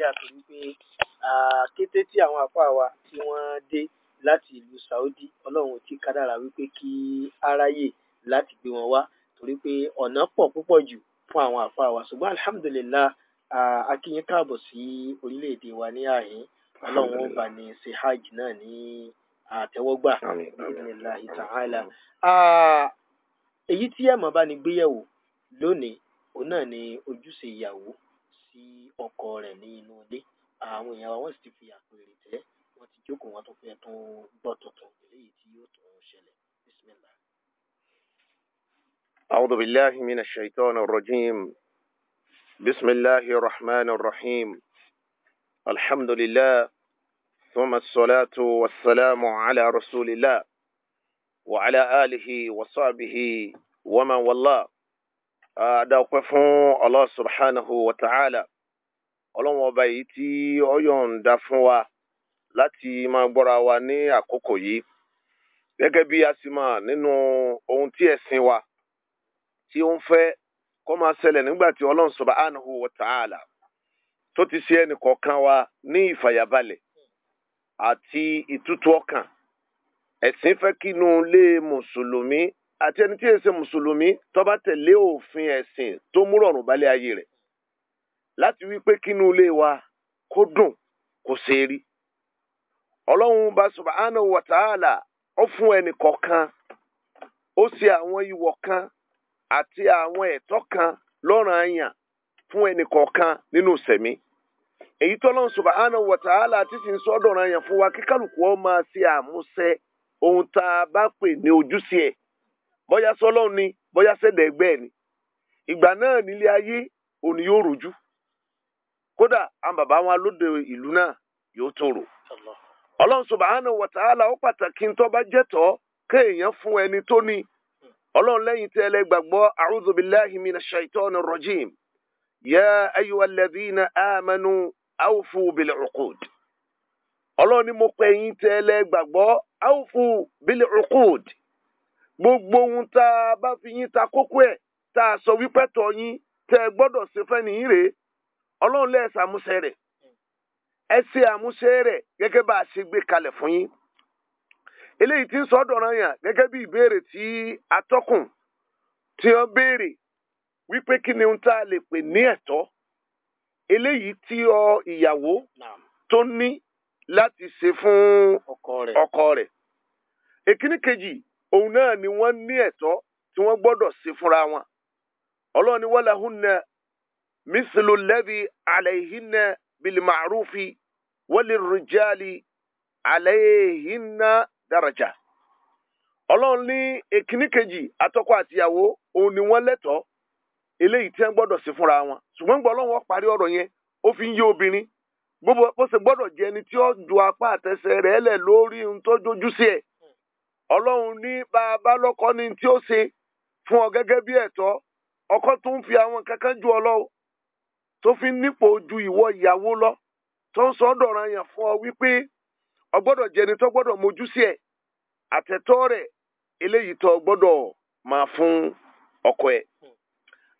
nàìjíríà torí pé kété tí àwọn àpá wa tí wọn dé láti ìlú saudi ọlọrun ò tí kádàrà wípé kí á ráyè láti gbé wọn wá torí pé ọnà pọ púpọ jù fún àwọn àpá wa ṣùgbọn alihamudulilayi a kí yín káàbọ̀ sí orílẹ̀èdè wa ní àhín ọlọ́run ó bá ní ṣe hajj náà ní àtẹ́wọ́gbà bismillahi ta'ala èyí tí ẹ̀mọ́ bá ní gbéyẹ̀wò lónìí òun náà ni ojúṣe ìyàwó sí ọkọ rẹ̀ ní inú ilé. Àwọn èèyàn wa wọ́n sì ti fi àpèrè tẹ́, wọ́n ti jókòó, wọ́n tún fẹ́ tún gbọ́ tuntun eléyìí tí yóò tún ṣẹlẹ̀. Bismillah. أعوذ بالله من الشيطان الرجيم بسم الله الرحمن الرحيم الحمد لله ثم الصلاة والسلام على رسول الله وعلى آله وصحبه ومن والله Ada adáwọ̀pẹ́ fún Allah subhanahu wa ta'ala ọlọ́run ọba yìí tí ó yọ̀ǹda fún wa láti máa gbọ́ra wa ní àkókò yìí gẹ́gẹ́ bí a sì máa nínú ohun tí ẹ̀sìn wa tí ó ń fẹ́ kó máa ṣẹlẹ̀ nígbà tí ọlọ́run subhanahu tó ti ṣe ẹnì kọ̀ọ̀kan wa ní ìfàyàbalẹ̀ àti ìtútù ọkàn ẹ̀sìn fẹ́ kínú ilé mùsùlùmí àti ẹni tí èsè mùsùlùmí tó bá tẹ̀lé òfin ẹ̀sìn tó múrọ̀rùn balẹ̀ ayé rẹ̀ láti wí pé kínú ilé wa kó dùn kó ṣeé rí ọlọ́run bá subhanahu wa ó fún ẹnì kọ̀ọ̀kan ó ṣe àwọn ìwọ̀ kan àti àwọn ẹ̀tọ́ kan lọ́ràn àyàn fún ẹnì kọ̀ọ̀kan nínú sẹ̀mí èyí tọ́lọ́run subhanahu wa ta'ala ti sì ń sọ́dọ̀ ọ̀ràn àyàn fún wa kíkálukú ó máa ṣe àmúṣe ohun tá a bá pè ní ojúṣe ẹ̀ bóyá sọlọ́run ni bóyá sẹ́dẹ̀ ẹgbẹ́ ẹ̀ ni ìgbà náà nílé ayé òní yóò rojú kódà àwọn bàbá wọn lóde ìlú náà yóò tòrò ọlọ́run subhanahu wa ó pàtàkì tó bá jẹ́tọ́ kéèyàn fún ẹni tó ní ọlọ́run lẹ́yìn tí ẹlẹ́ gbàgbọ́ a'udhu billahi minash shaitani rrajim ya ayyuhal ladhina amanu ọlọ́run ni mo pẹ̀yìn tí ẹlẹ́ gbàgbọ́ gbogbo ohun tá a bá fi yín kókó ẹ̀ tá a sọ wípé tọ́ yín tẹ ẹ ṣe fẹ́ nìyí rèé ọlọ́run lẹ́ẹ̀ rẹ̀ ẹ ṣe àmúṣe rẹ̀ gẹ́gẹ́ bá a ṣe gbé kalẹ̀ fún yín eléyìí ti ń sọ bí ìbéèrè tí tí béèrè wípé kí ni ohun tá a ọ ìyàwó tó ní láti ṣe fún ọkọ rẹ, èkíní kejì òun náà ni wọn ní ẹtọ tí wọn gbọdọ sí fúnra wọn ọlọ́run ni walahunna mísìlú lẹ́bi àlẹ́hìnà bìlìmàrúfi walirrijali àlẹ́hìnà dàrájà ọlọ́run ní èkíní kejì atọ́kọ àtìyàwó òun ni wọn lẹ́tọ̀ọ́ eléyìí tí wọn gbọ́dọ̀ sí fúnra wọn ṣùgbọ́n gbọ́ ọlọ́run wọ́n parí ọ̀rọ̀ yẹn ó fi ń yé obìnrin gbogbo bó ṣe gbọ́dọ̀ jẹ́ ẹni tí ó ju apá àtẹsẹ̀ rẹ̀ lẹ̀ lórí ohun tó dojú sí ẹ̀ ọlọ́run ní bá a bá tí ó ṣe fún ọ gẹ́gẹ́ bí ẹ̀tọ́ ọkọ tó ń fi àwọn kankan ju ọ lọ tó fi nípò ju ìwọ ìyàwó lọ tó ń sọ dọ̀ràn yàn fún ọ wípé ọ gbọ́dọ̀ jẹni tó gbọ́dọ̀ mójú sí ẹ̀ àtẹ̀tọ́ rẹ̀ eléyìí tó gbọ́dọ̀ máa fún ọkọ ẹ̀.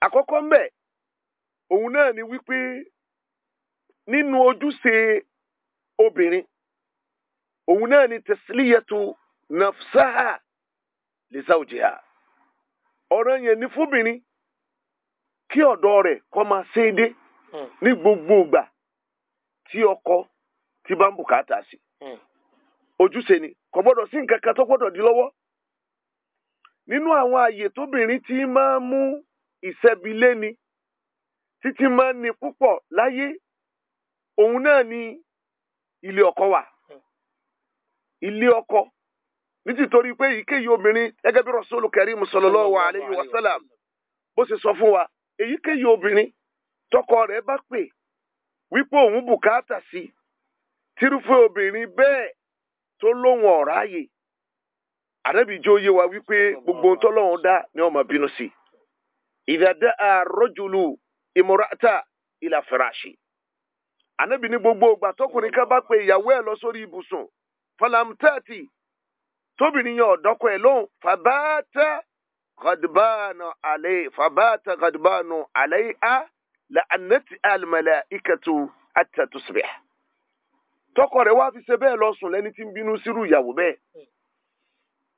àkọ́kọ́ mbẹ̀ òun náà ni wípé nínú ojúṣe obìnrin òun náà ni tẹ̀sílíyẹ̀tò nafsaha li zawjiha ọ̀ràn yẹn ni fúnbìnrin kí ọ̀dọ́ rẹ̀ kọ́ máa ṣe é dé hmm. ní gbogbo ìgbà tí ọkọ tí bá ń bùkátà sí hmm. ojúṣe ni kò gbọ́dọ̀ sí nǹkan kan tó gbọ́dọ̀ di lọ́wọ́ nínú àwọn ààyè tóbìnrin ti máa ń mú ìṣẹ́bilé ni títí máa ń ní púpọ̀ láyé òun náà ni ilé ọkọ wà hmm. ilé ọkọ nítorí pé èyíkéyìí obìnrin gẹ́gẹ́ bí Rasulu Karim sallallahu wa sallam bó ṣe sọ fún wa èyíkéyìí obìnrin tọkọ rẹ̀ bá pè wípé òun bùkátà sí tírúfẹ́ obìnrin bẹ́ẹ̀ tó lóun ọ̀ráyè àrẹ́bìjọ́ yé wa wípé gbogbo ohun ni ọmọ bínú sí idha da'a rajulu imra'ata ila anabini gbogbo ìgbà tọkùnrin ká bá ìyàwó ẹ̀ tóbìnrin yẹn ọ̀dọ́kọ ẹ̀ lóhùn fàbáàtà gàdùbáànù àlẹ́ fàbáàtà gàdùbáànù àlẹ́ á la anẹ́tì àlùmọ̀lẹ́ ìkẹtù àtẹ̀tùsùbẹ̀. tọkọ rẹ̀ wá fi ṣe bẹ́ẹ̀ lọ sùn lẹ́ni tí ń bínú sírù ìyàwó bẹ́ẹ̀.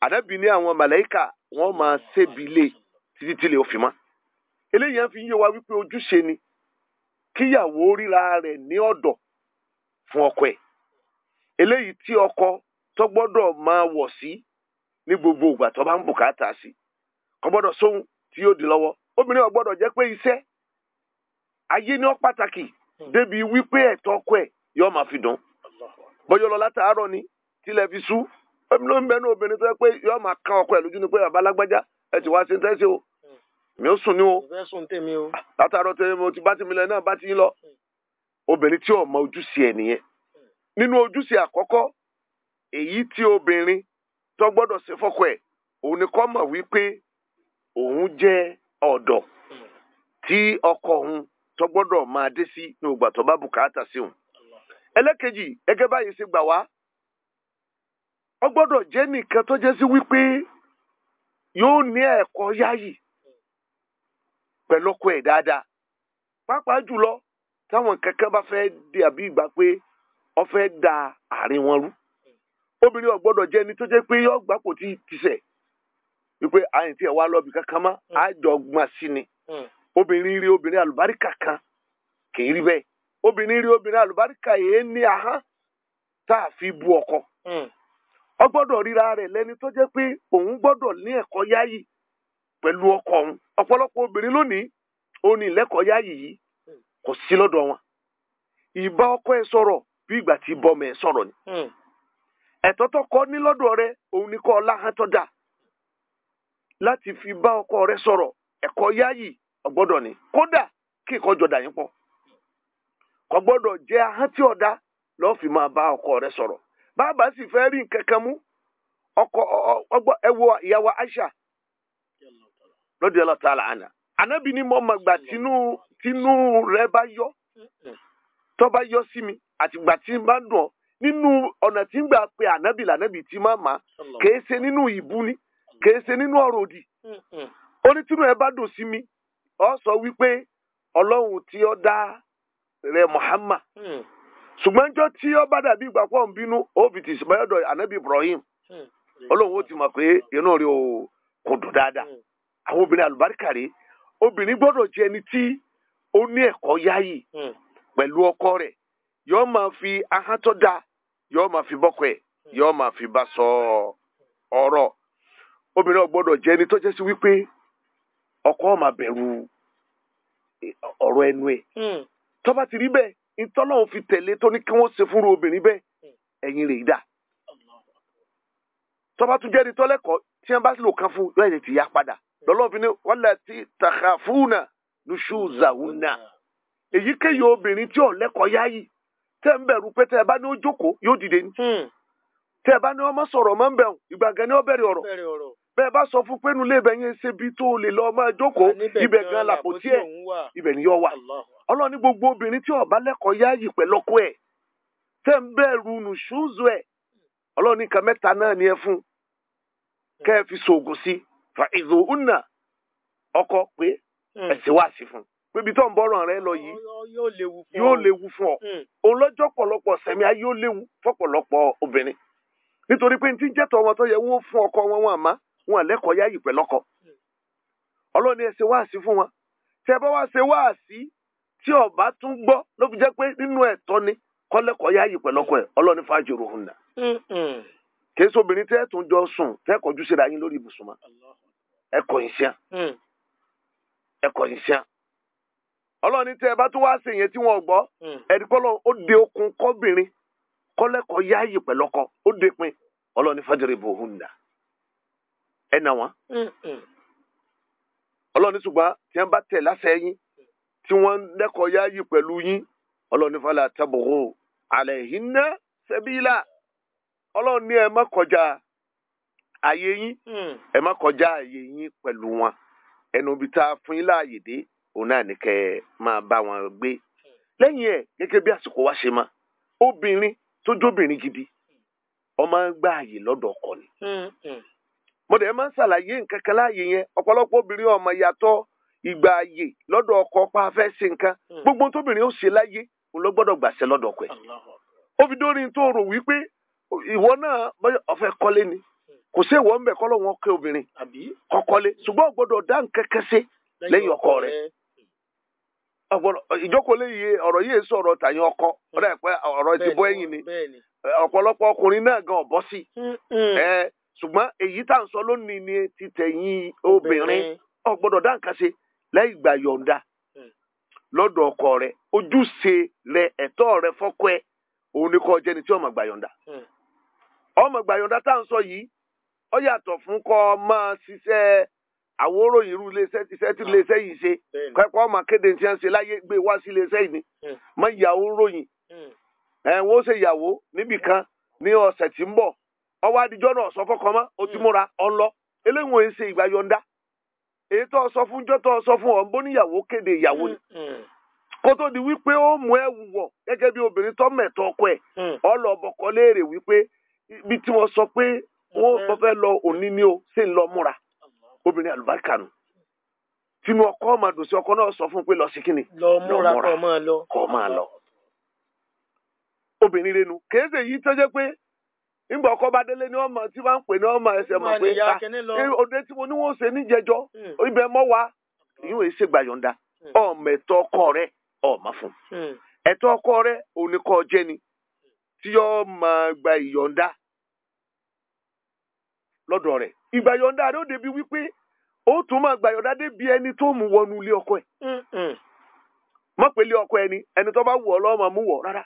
àdàbí ní àwọn màláìkà wọ́n máa ṣébi lé títí tí lè òfin mọ́. eléyìí fi yé wa wípé ojúṣe ni kíyàwó ríra rẹ̀ ní ọ̀dọ̀ fún ọkọ ẹ̀. eléyìí tí ọkọ tó gbọ́dọ̀ máa wọ̀ sí ní gbogbo ìgbà tó bá ń bùkátà sí kò sóhun tí yóò di lọ́wọ́ obìnrin ò jẹ́ pé iṣẹ́ ayé ni pàtàkì hmm. débi wípé ẹ̀tọ́ ọkọ ẹ̀ yóò máa fi dùn bọ́yọ̀ lọ látàárọ̀ ni tilẹ̀ fi sú ló ń bẹnu obìnrin tó yẹ pé yóò máa kan ọkọ ẹ̀ lójú ni pé bàbá alágbájá ẹ ti wá sí tẹ́sí o hmm. mi ò sùn ní o ah, látàárọ̀ ti bá ti náà bá ti ń lọ hmm. obìnrin tí ò èyí tí obìnrin tó gbọ́dọ̀ ṣe fọ́kọ̀ ẹ̀ òun ni kó mọ̀ wípé òun jẹ́ ọ̀dọ̀ tí ọkọ̀ òun tó gbọ́dọ̀ máa dé sí ní ìgbà tó bá bùkátà sí òun. ẹlẹ́kejì gẹ́gẹ́ báyìí ṣe gbà wá ó gbọ́dọ̀ jẹ́ nìkan tó jẹ́ sí wípé yóò ní ẹ̀kọ́ yáyì pẹ̀lú ọkọ ẹ̀ dáadáa pàápàá jùlọ táwọn kankan bá fẹ́ dé àbí ìgbà pé ọ fẹ́ da àárín wọn rú. obìnrin ọgbọdọ jẹ́ ẹni tó jẹ́ pé yọ gbapò ti tìṣẹ̀ wípé àyìn tí ẹ wá lọ́ọ̀bì kankan mọ́ àjọgbọ́n hmm. sí ni hmm. obìnrin rí obìnrin àlùbáríkà kan kì í rí bẹ́ẹ̀ obìnrin rí obìnrin àlùbáríkà yìí ní ahán tá a fi bu ọkọ ọgbọdọ hmm. gbọ́dọ̀ ríra rẹ̀ lẹ́ni tó jẹ́ pé òun gbọ́dọ̀ ní ẹ̀kọ́ yáyì pẹ̀lú ọkọ òun Ọpọlọpọ obìnrin lónìí òun ìlẹ́kọ̀ọ́ yáyì yìí kò sí lọ́dọ̀ wọn ìbá ọkọ ẹ sọrọ bí ìgbà tí bọmọ ẹ sọ̀rọ̀ ni. ẹ̀tọ́ tó kọ́ ní lọ́dọ̀ rẹ òun ni kọ́ fi bá ọkọ rẹ sọ̀rọ̀ ẹ̀kọ́ yáàyì ni kódà kí ìkọjọ dà yín pọ̀ kò gbọ́dọ̀ jẹ́ ahọ́n tí ọ̀dá lọ́ọ́ fi máa bá ọkọ rẹ sọ̀rọ̀ bàbá sì fẹ́ rí nǹkan kan mú ọkọ ẹwọ ìyàwó Aisha radiyallahu ta'ala àná ni mo mọ̀ gbà tínú tínú rẹ bá yọ tó bá yọ sí mi àtìgbà tí n nínú ọ̀nà tí ń gbà pé ànábì lànábì tí máa mà kèé ṣe nínú ìbúni kèé ṣe nínú ọ̀rọ̀ òdì ó ní ẹ bá dùn sí mi ọ sọ wípé ọlọ́run tí ó dá rẹ Muhammad mm. ṣùgbọ́n jọ tí ó bá dàbí ìgbà pọ̀ ń bínú ó ànábì Ibrahim mm. ọlọ́run ó ti mọ̀ pé inú rẹ ò kò dùn dáadáa mm. àwọn obìnrin àlùbáríkà rèé obìnrin gbọ́dọ̀ yọọ máa fi bọ́kọ ẹ̀ yọọ máa fi bá sọ ọ̀rọ̀ obìnrin ọgbọ́dọ̀ jẹ́ ẹni tó jẹ́ sí wípé ọkọ máa bẹ̀rù ọ̀rọ̀ ẹnu ẹ̀ hmm. tó bá ti rí bẹ́ẹ̀ ìtọ́lọ́hún fi tẹ̀lé tó ní kí wọ́n ṣe fúnra obìnrin bẹ́ẹ̀ hmm. ẹ̀yìn rẹ̀ dà tó bá tún jẹ́ ẹni tó lẹ́kọ̀ọ́ tí wọ́n bá lò kán fún yóò ẹ̀yìn ti yá padà hmm. lọ́lọ́run fi ní wàlá ti tàkà fúnà nùṣù zàwùnà èyíkéyìí obìnrin tí ò lẹ́kọ̀ọ́ yáyì tẹ́ ń pé tẹ́ ẹ bá ní ó jókòó yóò dìde ní. Hmm. tẹ́ ẹ bá ní ọmọ sọ̀rọ̀ ọmọ ń bẹ̀rù ìgbà gan ni ó bẹ̀rẹ̀ ọ̀rọ̀ bẹ́ẹ̀ bá sọ fún pé nulẹ̀ ibẹ̀ yẹn ṣe bí tó lè lọ ọmọ jókòó ibẹ̀ gan làpótí ẹ̀ ibẹ̀ ni yóò wà. ọlọ́run ní gbogbo obìnrin tí ó bá lẹ́kọ̀ọ́ yáàyè pẹ̀lọ́kọ ẹ̀ tẹ́ ń bẹ̀rù ẹ̀ ọlọ́run ní kan mẹ́ta náà ni pé ibi tó ń bọ́ràn rẹ lọ yìí yóò léwu fún ọ hmm. òun pọ̀lọpọ̀ sẹ̀mí ayé yóò léwu fọ́pọ̀lọpọ̀ obìnrin nítorí pé n ti ọmọ tó yẹ fún ọkọ wọn wọn àmá wọn lẹ́kọ̀ọ́ yá ìpẹ́ lọ́kọ hmm. ọlọ́ni ṣe wáàsí fún wọn tẹ bá wá ṣe wáàsí tí ọba tún gbọ́ ló fi jẹ́ pé nínú ni kọ́lẹ́kọ̀ọ́ yá ọlọ́ni fàájòrò hùn nà jọ sùn tẹ́ yín lórí ọlọ́ni tẹ́ ẹ bá tún wá sí ìyẹn tí wọ́n gbọ́ hmm. ẹni kọ́lọ́ ó de okun kọ́bìnrin kọ́lẹ́kọ̀ọ́ yáàyè pẹ̀lọ́kọ ó de pin ọlọ́ni fàjẹrẹ bò hùn ẹ nà wọ́n. Hmm, hmm. ọlọ́ni ṣùgbọ́n tí tí wọ́n lẹ́kọ̀ọ́ yáàyè pẹ̀lú yín fàlà àlẹ́ ẹ má kọjá àyè yín ẹ má kọjá àyè wọn tá a fún yín láàyè dé òun náà ní ma ẹ máa bá wọn gbé lẹ́yìn ẹ̀ gẹ́gẹ́ bí àsìkò wa ṣe mọ obìnrin tó jóbìnrin gidi ọmọ àyè ọkọ ni. Hmm, hmm. mo dẹ̀ máa ń ṣàlàyé nǹkan kan láàyè yẹn ọ̀pọ̀lọpọ̀ obìnrin ọmọ yàtọ̀ ìgbà àyè lọ́dọ̀ ọkọ pa afẹ́ nǹkan hmm. gbogbo tóbìnrin ó ṣe láyé òun ló gbọ́dọ̀ gbàṣẹ lọ́dọ̀ ọkọ ẹ̀. ó fi dórí tó rò wípé ìwọ náà ọ̀fẹ́ kọ́lé ni kò sí ọkọ rẹ̀ ìjókòó léyìí ọ̀rọ̀ yìí èso ọ̀rọ̀ tàyín ọkọ ọ̀rọ̀ hmm. ẹ̀pẹ́ ọ̀rọ̀ ti ẹ̀yìn ni ọ̀pọ̀lọpọ̀ ọkùnrin náà gan ọ̀bọ́ sí hmm, hmm. ṣùgbọ́n èyí tá à ń sọ lónìí ni ti tẹ̀yìn obìnrin ò gbọ́dọ̀ ṣe ọkọ rẹ ojúṣe rẹ ẹ̀tọ́ rẹ ẹ òun ni kò jẹ́ ọmọ gbà ọmọ gbà yọ̀ǹda tá à ń sọ yìí yàtọ̀ fún àwọn òròyìn irú iléeṣẹ́ iṣẹ́ tí ah. iléeṣẹ́ yìí ṣe kẹ́kọ̀ọ́ ọmọ kéde ti ń ṣe láyé gbé wá sí iléeṣẹ́ yìí ni hmm. mọ ìyàwó ròyìn hmm. ẹ̀wọ̀n ó ṣe ìyàwó níbìkan hmm. ní ọ̀sẹ̀ tí ń bọ̀ ọwọ́ adijọ́ náà sọ fọ́kàn mọ́ o ti múra ọ̀n lọ eléyìí wọn ṣe ni kó tó di wípé ó mú gẹ́gẹ́ bí obìnrin tó mẹ̀tọ́ ọkọ ẹ̀ léèrè wípé ibi tí wọ́n sọ pé wọ́n fẹ́ o ń lọ obìnrin àlùbáríkà nù tínú ọkọ máa ọkọ náà sọ fún pé lọ sí lọ múra kọ máa lọ obìnrin rẹ nu kèése yìí pé ọkọ bá délé ní ọmọ tí wọ́n ń pè ní ọmọ ẹsẹ̀ mọ̀ pé ta ah, tí mo ní ṣe fún hmm. hmm. ọkọ rẹ hmm. tí gba lọ́dọ̀ rẹ̀ yọ̀ǹda rẹ̀ ó débi wípé ó tún máa gbàyọ̀ǹda débi ẹni tó mú wọnú ilé ọkọ ẹ̀ mọ̀ pé ilé ọkọ ẹni ẹni tó bá wù ọ́ lọ́ọ́ máa mú wọ̀ rárá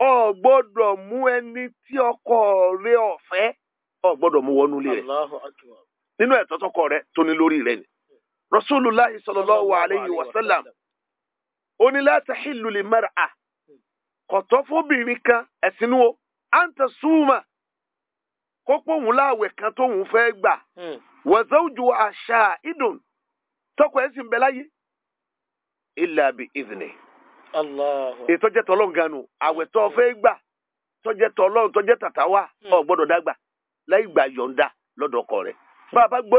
ọ gbọ́dọ̀ mú ẹni tí ọkọ rẹ̀ ọ̀fẹ́ ọ gbọ́dọ̀ mú wọnú ilé rẹ̀ nínú ẹ̀tọ́ tọkọ rẹ tó ní lórí rẹ ni rasulullah sallallahu alayhi wa sallam ó ní la tahillu li mar'a mm. kọ̀tọ́ fóbìnrin kan ẹ̀sìn kó pòun láàwẹ̀ kan tóun fẹ́ gbà wọ̀zọ́ òjò àṣà ìdùn tọkọ ẹ̀ sì ń bẹ láyé ilà bí ìdìní. ìtọ́jẹ́ tọ́lọ́ ganu àwẹ̀ tó fẹ́ gbà tọ́jẹ́ tọ́lọ́ tọ́jẹ́ tàtà wà ọ̀ hmm. gbọ́dọ̀ dàgbà láì gbà yọ̀ǹda lọ́dọ̀ ọkọ rẹ̀ bá a bá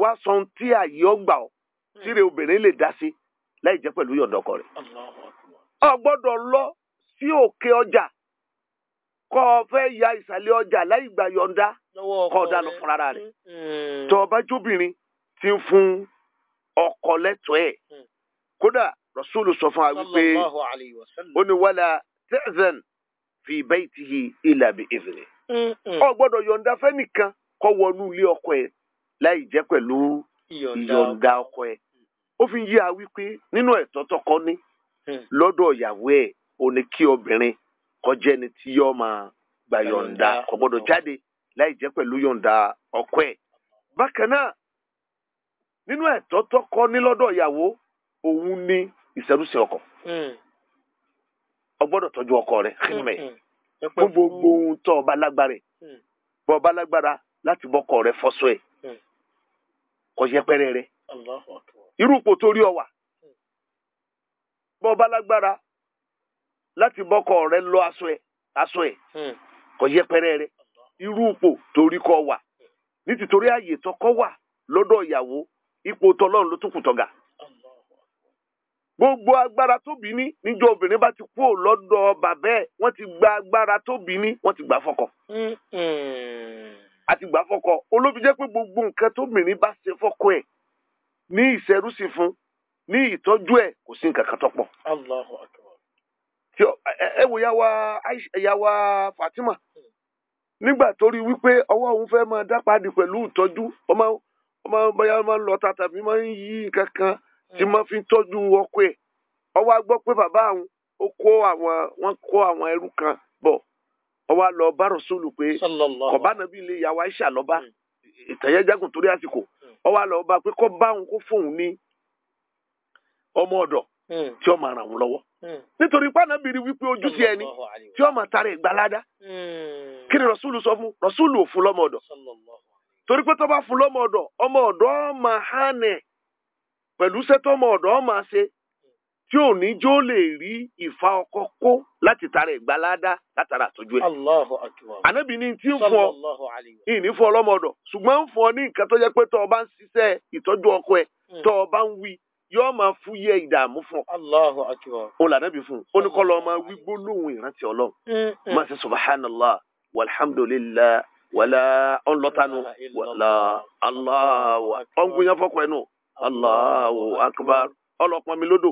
wá sọ tí àyè ọgbà ọ tíre hmm. obìnrin lè dá sí láì jẹ́ pẹ̀lú yọ̀ǹda ọkọ rẹ̀. ọ̀ lọ sí òkè ọjà kọ́ ọ ya ìsàlẹ̀ ọjà láì gbà yọ̀ǹda kọ́ dànù fún ara rẹ̀ ti ń fún ọkọ lẹ́tọ̀ọ́ ẹ̀ mm. kódà rasulu sọ fún wa wípé ó ní tẹ́sán fi baytihi illa mm, mm. ọ gbọ́dọ̀ yọ̀ǹda fẹ́nìkan kọ́ wọnú ilé ọkọ ẹ̀ láì jẹ́ pẹ̀lú ìyọ̀ǹda ọkọ ẹ̀ ó fi yí a wípé nínú ẹ̀tọ́ tọkọ ní lọ́dọ̀ ìyàwó ẹ̀ kí obìnrin kọjá ni tí yọ máa gbà yọ̀ǹda kò jáde láì pẹ̀lú yọ̀ǹda ọkọ ẹ̀. bákan náà nínú ẹ̀tọ́ tọkọ ní lọ́dọ̀ ìyàwó òun ní ìṣẹ́rúṣẹ́ ọkọ. o hmm. tọ́jú ọkọ rẹ̀ xinmẹ̀ hmm, hmm. fún gbogbo ohun lágbára lágbára láti láti bọ́kọ rẹ lọ aṣọ ẹ aṣọ ẹ hmm. kò yẹpẹrẹ rẹ irú ipò torí kọ wà ní tìtorí ààyè tọkọ wà lọ́dọ̀ ìyàwó ipò tọlọ́run ló tún kù tọ̀gà gbogbo agbára tóbi ní níjọ obìnrin bá ti kú lọ́dọ̀ bàbá ẹ̀ wọ́n ti gba agbára tóbi ní wọ́n ti gbà fọ́kọ. àti gbà fọ́kọ olóbi jẹ́ pé gbogbo nǹkan tóbìnrin bá ṣe fọ́kọ ẹ̀ ní ìṣẹ́rúsìn fún ní ìtọ́jú ẹ̀ kò sí nǹkan kan tọ́pọ̀. tí ẹ wo yàwá yàwá Fatima nígbà tó rí wípé ọwọ́ òun fẹ́ máa dápadì pẹ̀lú ìtọ́jú ọmọ ọmọ máa ń lọ ta tàbí máa ń yí nǹkan kan tí fi tọ́jú ọkọ ẹ̀ ọwọ́ a pé bàbá àwọn ó kó àwọn wọ́n kó àwọn ẹrú kan bọ̀ ọwọ́ a lọ bá Rọ̀súlù pé kọ̀bá nàbí ilé yàwá lọ́ba hmm. ìtẹ̀yẹ́jágùn torí àsìkò ọwọ́ hmm. lọ bá pé kọ́ bá òun kó ní ọmọ hmm. tí ọ nítorí pánábìrì wípé ojúṣe ẹni tí ọmọ tarẹ gbalada hmm. kí ni rasúlù sọ fún rasúlù ò fún lọmọdọ torí pé tọba fún lọmọdọ ọmọ ọdọ ọmọ hánẹ pẹlú sẹtọ ọmọ ọdọ ọmọ ṣe tí ò ní jó lè rí ìfà ọkọ kó láti tarẹ gbalada látara àtọjú ẹ anabi ni ti ń fọ ìní fún ọlọmọdọ ṣùgbọn ń fọ ní nǹkan tó yẹ pé tọba ń ṣiṣẹ ìtọjú ọkọ ẹ hmm. tọba ń wí. yóò máa fún yẹ ìdààmú fún ọ. Allahu akbar. o là nàbí fún un ó ní kọ́ lọ́ọ́ máa wí gbólóhùn ìrántí ọlọ́run máa ṣe subhanallah walhamdulillah wàlá ọ̀nlọ́tanu wàlá Allahu ọ̀ngbìyàn fọ́kọ̀ ẹnu Allahu akbar ọlọ́pàá mi lódò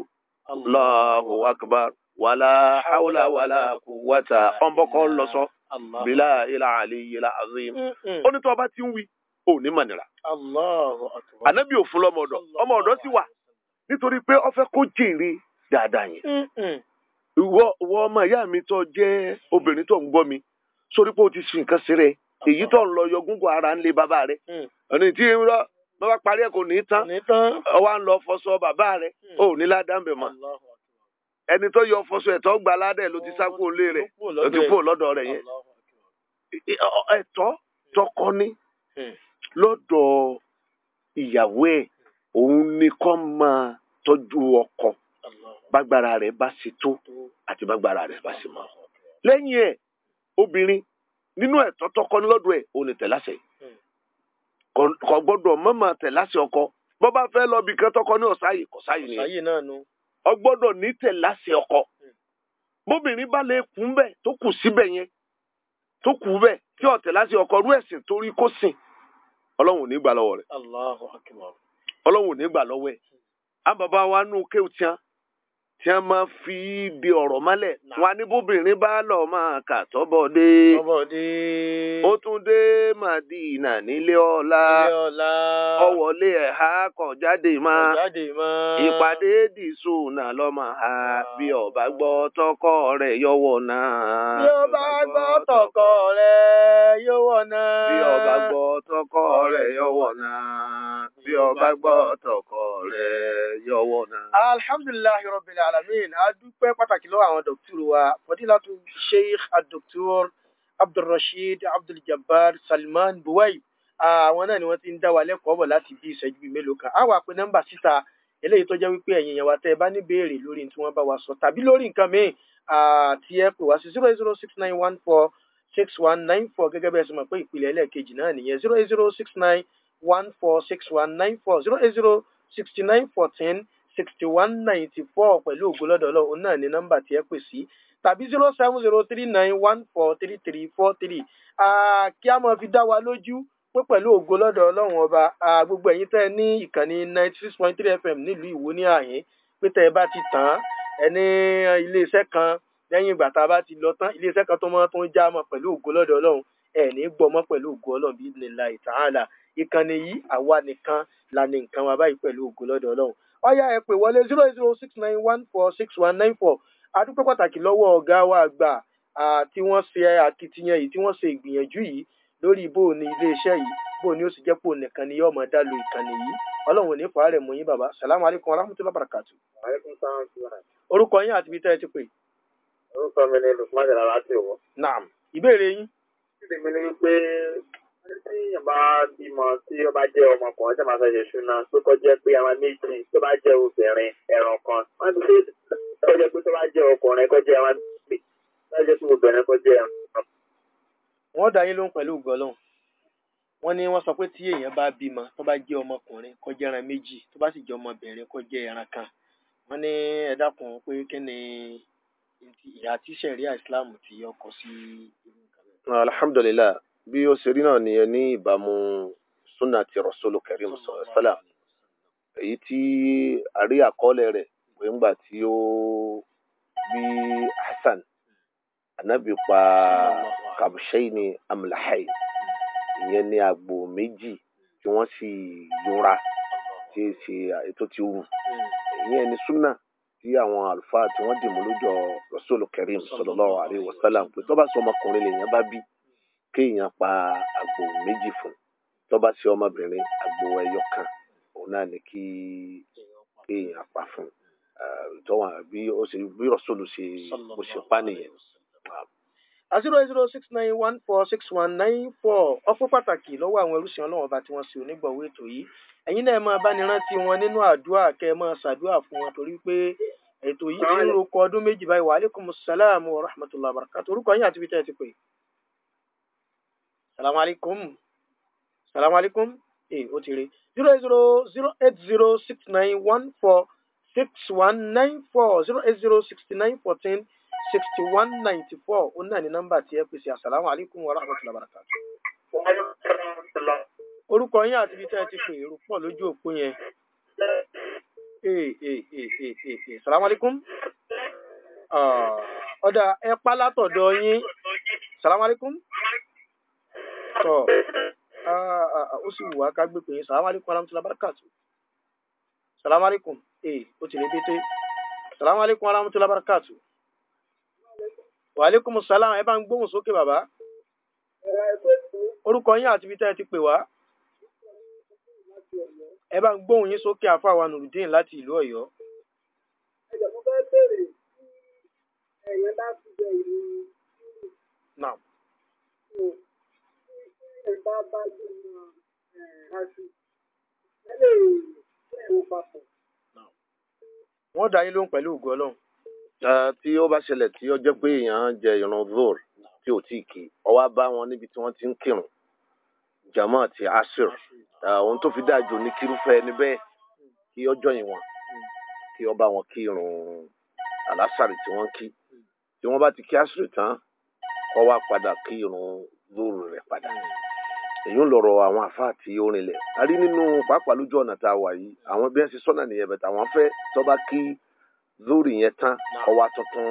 Allahu akbar wàlá hawla wàlá quwwata ọ̀nbọ́kọ̀ lọ́sọ bílá ilà àlìyílà azim ó ní tó ọba ti ń O ò ní mànìlá. Allahu akbar. ànábì òfin lọ́mọ ọ̀dọ́ ọmọ ọ̀dọ́ sì wà nítorí pé ó fẹ́ kó jèrè dáadáa yẹn. ìwọ ìwọ ọmọ ìyá mi tó jẹ́ obìnrin tó ń gbọ́ mi sórí pé o ti sin nǹkan sí rẹ èyí tó ń lọ yọ gúngùn ara ń lé bàbá rẹ ọ̀nà mm. tí ń rọ bàbá parí ẹ̀ kò ní tán ọwọ́ à ń lọ fọṣọ bàbá rẹ ò mm. ní ládàá mbẹ̀ mọ́ ẹni tó yọ fọṣọ ẹ̀tọ́ gbà ládàá ẹ̀ ló ti sáko lé rẹ̀ ló ti kú lọ́dọ̀ rẹ̀ yẹn ẹ̀tọ́ tọkọ ní mm. lọ́dọ̀ ìyàwó ẹ̀ òun nìkan kọ́ máa tọ́jú ọkọ bágbára rẹ̀ bá ṣe tó àti bágbára rẹ̀ bá ṣe mọ́. lẹ́yìn ẹ̀ obìnrin nínú ẹ̀tọ́ tọkọ lọ́dọ̀ ẹ̀ òun ni tẹ̀láṣẹ kò gbọ́dọ̀ mọ́mọ́ ọkọ bọ́ bá fẹ́ lọ bí kan tọkọ ní ọ̀sáyè kò sáyè ni ó ní tẹ̀láṣẹ̀ ọkọ bóbìnrin bá lè kú bẹ́ẹ̀ tó kù síbẹ̀ yẹn tó kù bẹ́ẹ̀ ọkọ rú ẹ̀sìn torí kó sìn ọlọ́run ò ní gbà lọ́wọ́ rẹ̀. ọlọ́run ò ní gbà lọ́wọ́ ẹ̀ á bàbá wa nù kéwù tiẹ́ tí wọ́n máa fi di ọ̀rọ̀ mọ́lẹ̀ wa ní bóbìnrin bá lọ máa kà tọ́bọ̀ dé ó tún dé Màdínà nílé ọlá ọwọ́lé ẹ̀há kọ̀ jáde má ìpàdé dìṣù náà lọ́mọ ha bí ọba gbọ́ tọkọ rẹ̀ yọwọ́ náà. bí ọba gbọ́ tọkọ rẹ̀ yọwọ́ náà. bí ọba gbọ́ tọkọ rẹ̀ yọwọ́ náà. bí ọba gbọ́ tọkọ rẹ̀ yọwọ́ náà. alhamdulilayi rabbil alamin a dúpẹ́ pàtàkì lọ́wọ́ àwọn dọ̀kítúrù wa fadilatu sheikh adoktor abdulrasheed abduljabbar salman buwai àwọn náà ni wọ́n ti ń dá wa lẹ́kọ̀ọ́ bọ̀ láti bí ìṣẹ́jú bíi mélòó kan á wà pé síta eléyìí tó jẹ́ wípé ẹ̀yin èèyàn wa bá ní béèrè lórí tí wọ́n bá wa sọ tàbí lórí nǹkan míì àti ẹ pè wá sí zero zero six nine one four six one nine four gẹ́gẹ́ bí ẹ ṣe mọ̀ pé ìpìlẹ̀ ẹlẹ́ẹ̀kejì náà nìyẹn zero zero six nine one four six one nine four zero eight zero sixty nine fourteen sixty one ninety four pẹ̀lú ògbólọ́dọ̀ọ́lọ́ òun náà ni nọ́mbà tí ẹ pè sí tàbí zero seven zero three nine one four three three four three kí a máa fi dá wa lójú pé pẹ̀lú ògo lọ́dọ̀ ọlọ́run ọba gbogbo ẹ̀yin tẹ́ ní ìkànnì ninety six point three fm nílùú ìwó ní àyín pé tẹ́ ẹ bá ti tàn án ẹ ní iléeṣẹ́ kan lẹ́yìn ìgbà tá a bá ti lọ tán iléeṣẹ́ kan tó mọ́ tó ń já mọ́ pẹ̀lú ògo lọ́dọ̀ ẹ̀ ní gbọ́ pẹ̀lú ògo ọlọ́run bí nílá ìtàn àlà ìkànnì yìí àwa nìkan la ní nǹkan wa báyìí pẹ̀lú ògo lọ́dọ̀ ọlọ́run ọ̀yá ẹ pè wọlé zero zero six nine one four six one nine four adúpẹ́ pàtàkì lọ́wọ́ ọ̀gá wa àgbà tí wọ́n ṣe akitiyan yìí tí wọ́n ṣe ìgbìyànjú yìí lórí bó o ní iléeṣẹ́ yìí bó o ó sì jẹ́ pò nìkan ni yóò máa dá lu ìkànnì yìí ọlọ́run ò ní fà á rẹ̀ mọ́ yín bàbá salamu alaykum alhamdulilayi barakatu. orúkọ yín àti ibi tẹ́ ẹ ti pè. orúkọ mi ni lukman jalala ti wọ. naam ìbéèrè yín. ìbéèrè mi ni wípé téèyàn bá bímọ tí ó bá jẹ́ ọmọkùnrin tí a máa fẹ́ ṣe ṣúná tó kọ́ jẹ́ pé àwọn méjì tó bá jẹ́ obìnrin ẹ̀ràn kan wọ́n ti ṣe kọ́ jẹ́ pé tó bá jẹ́ ọkùnrin kọ́ jẹ́ àwọn méjì tó bá jẹ́ pé obìnrin kọ́ jẹ́ ẹ̀ràn kan. wọ́n dá yín lóhùn pẹ̀lú gọlọ́hùn wọ́n ní wọ́n sọ pé tí èèyàn bá bímọ tó bá jẹ́ ọmọkùnrin kọ́ jẹ́ ẹran méjì tó bá sì jẹ́ ọmọbìnrin kọ́ jẹ́ ẹran kan wọ́n ní ẹ dákun pé kí ni ìhà tí sẹ̀ríà ti ọkọ̀ sí. alhamdulilayi bí ó ṣe rí náà nìyẹn ní ìbámu sunna ti rasulu karim sọlá èyí tí àrí àkọọ́lẹ̀ rẹ̀ pé ńgbà tí ó bí hasan anabi pa kabshaini amlahai ìyẹn ní agbo méjì tí wọ́n sì yọra tí è ṣe ètò ti wù ìyẹn ní sunna tí àwọn àlùfáà tí wọ́n dì mú lójọ rasulu karim sallallahu alaihi wasallam pé tó bá sọ ọmọkùnrin lèèyàn bá bí kéèyàn pa àgbò méjì fún tó bá ṣe ọmọbìnrin àgbò ẹyọ kan òun náà ni kí kéèyàn pa fún tọ́wọ́n bí ó ṣe bí rọ́sọ̀lù ṣe bó ṣe pa nìyẹn. àzero zero six nine one four six one nine four ọpẹ́ pàtàkì lọ́wọ́ àwọn ẹrúsìn Ọlọ́run ọba tí wọ́n ṣe onígbọ̀wọ́ ètò yìí ẹ̀yin náà máa bá ní rántí wọn nínú àdúrà kẹ́ ẹ máa ṣàdúrà fún wọn torí pé ètò yìí ti ń roko ọdún méjì báyìí wa aleykum salaam wa rahmatulah barakatu orúkọ yín àti bí tẹ́ ẹ ti pè é salamu alaykum salamu alaykum ee eh, ó ti rí zero eight zero zero eight zero six nine one four six one nine four zero eight zero sixty nine fourteen sixty one ninety four ó náà ní nọ́mbà tí ẹ pèsè asalaamu alaykum wa rahmatulah barakatu. orúkọ yín àti ibi tí ẹ ti pè èrò pọ̀ lójú òpó yẹn. ee eh, ee eh, ee ee ee salamu alaykum ah, ọ̀dà ẹ pa látọ̀dọ̀ yín salamu tọ ó sì wù wá ká gbé pé sàlámàlíkùn alámùtúlá bárakàtù sàlámàlíkùn ee ó ti lè bété sàlámàlíkùn alámùtúlá bárakàtù wàhálíkùn sàlám ẹ bá ń gbóhùn sókè bàbá orúkọ yín àti ibi tẹ́ ẹ ti pè wá ẹ bá ń gbóhùn yín sókè àfa wa nùrùdín láti ìlú Ọ̀yọ́. Now ẹ̀dá bá nínú eh, aṣọ ẹ lè ṣe ìwò papọ̀. wọ́n dá yín lóhùn pẹ̀lú ògùn ọlọ́run. Ah, tí ó bá ṣẹlẹ̀ tí ó jẹ́ pé èèyàn jẹ ìran zor tí ò tíì kí ó bá wọn níbi tí wọ́n ti ń kírun jama àti asir ah, ohun tó fi dáa jù ní kírúfẹ́ ẹni bẹ́ẹ̀ kí ọjọ́ yìí wọn kí ó bá wọn kírun alásàrì tí wọ́n kí tí wọ́n bá ti kí asir tán kó wá padà kírun lóru rẹ̀ padà èyí ń lọ̀rọ̀ àwọn àfáà tí ó rinlẹ̀ a rí nínú pàápàá lójú ọ̀nà tá a wà yìí àwọn bí wọ́n ṣe sọ́nà nìyẹn bẹ̀tẹ̀ àwọn fẹ́ tó bá kí zuri yẹn tán kó wá tuntun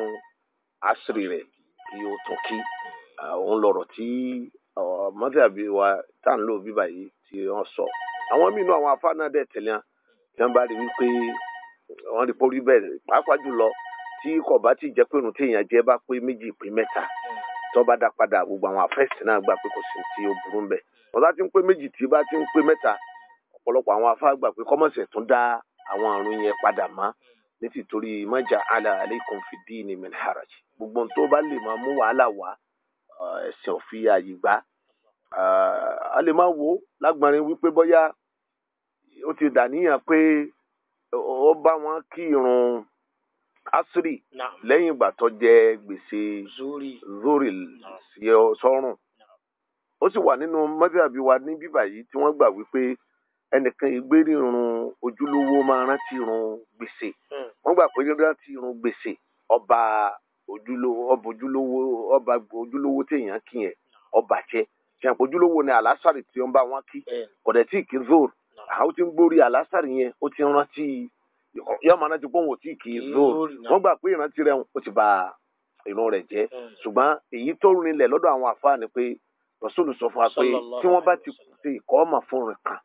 asiri rẹ̀ kí ó tún kí òun lọ̀rọ̀ tí mọ́tàbí wa tá à ń lò bíbà yìí tí wọ́n sọ àwọn mí inú àwọn àfáà náà dẹ̀ tẹ̀lé wọn tí wọ́n bá rí wípé wọ́n rí pórí bẹ́ẹ̀ pàápàá jùlọ tí kò bá ti jẹ́ pé èèyàn jẹ́ bá pé méjì pé mẹ́ta tó bá dá padà gbogbo àwọn àfẹ́sì náà gbà pé kò sí tí ó burú bẹ́ẹ̀ bọ́dá ti ń pé méjì tí bá ti ń pé mẹ́ta ọ̀pọ̀lọpọ̀ àwọn afáàgbà pé kọ́mọ̀sẹ̀ tún dá àwọn àrùn yẹn padà mọ́ ní tìtorí mọ́jà ala aleikum fidini min haraj gbogbo tó bá lè máa mú wàhálà wá eh, ẹ̀sìn òfin àyè gbá eh, a lè máa wo lágbọ̀nrín wípé bóyá ó ti dà níyàn pé ó bá wọn kí irun asiri lẹ́yìn ìgbà tó jẹ gbèsè zuri sọ́rùn ó sì wà nínú mọ́tàbí wa ní bíbà yìí tí wọ́n gbà wípé ẹnìkan ìgbérìrun ojúlówó máa rántí irun gbèsè hmm. wọ́n gbà pé rántí irun gbèsè ọba ojúlówó ọba ojúlówó ọba téèyàn kì yẹn ọba jẹ ojúlówó ni àlásàrì tí wọ́n bá wọn kí tí kì í zòr àwọn tí ń gbórí yẹn ó ti rántí tí ba irun èyí tó lọdọ àwọn ni pé rasulu sọ fún wa pé tí wọ́n bá ti ṣe ìkọ́mà fún rẹ̀ kan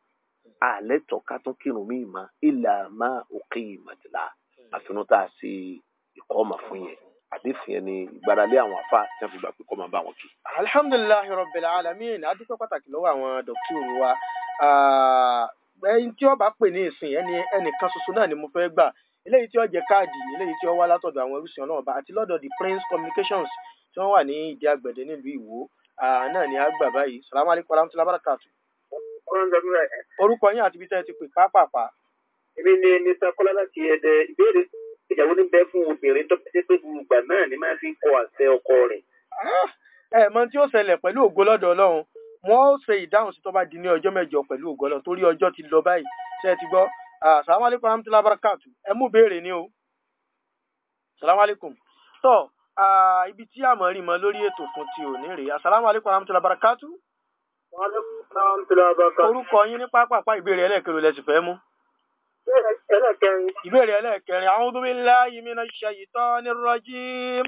àlẹ́ tọ́ka tó kírun mí ma ilà má òkè ìmàdìlá àfihàn tá a ṣe ìkọ́mà fún yẹn àdéfì ni ìgbáralé àwọn afa tí wọ́n fi gbà pé kọ́ máa bá wọn kí. alhamdulilayi rabbil alamin adúpẹ́ pàtàkì lọ́wọ́ àwọn dọ́kítọ̀rù wa ẹni tí wọ́n bá pè ní ìsìn ni ẹnìkan ṣoṣo náà ni mo fẹ́ gbà eléyìí tí ó jẹ́ káàdì eléyìí tí ó wá látọ̀dọ̀ àwọn orísun ọlọ́run àti lọ́dọ̀ the prince communications tí wọ́n wà ní ìdí àgbẹ̀dẹ nílùú ìwó náà ni a gbà báyìí salamu alaykum wa rahmatulahi barakatu. orúkọ yín àti ibi tẹ́ ẹ ti pè pápápá. èmi ni mr kọ́lá láti ẹ̀dẹ ìbéèrè ìyàwó ní bẹ́ẹ̀ fún obìnrin tó pété pé gbùgbà náà ni máa fi kọ àṣẹ ọkọ rẹ̀. Ah, ẹ mọ tí ó ṣẹlẹ̀ pẹ̀lú ògo lọ́dọ̀ ọlọ́run wọn ó ṣe ìdáhùn sí tó bá di ní ọjọ́ mẹ́jọ pẹ̀lú ògo ọlọ́run torí ọjọ́ ti lọ báyìí ṣe ti gbọ́ salamu alaykum wa rahmatulahi wa barakatu ẹ mú béèrè ni ibi tí àmọ́ rí mọ lórí ètò fún ti òní rèé asalaamu aleykum warahmatullahi barakatu. orúkọ yín ní pápápá ìbéèrè ẹlẹ́ẹ̀kẹrin lẹ sì fẹ́ mú. ìbéèrè ẹlẹ́ẹ̀kẹrin. ìbéèrè ẹlẹ́ẹ̀kẹrin a'udhu billahi minash shaitanir rajim.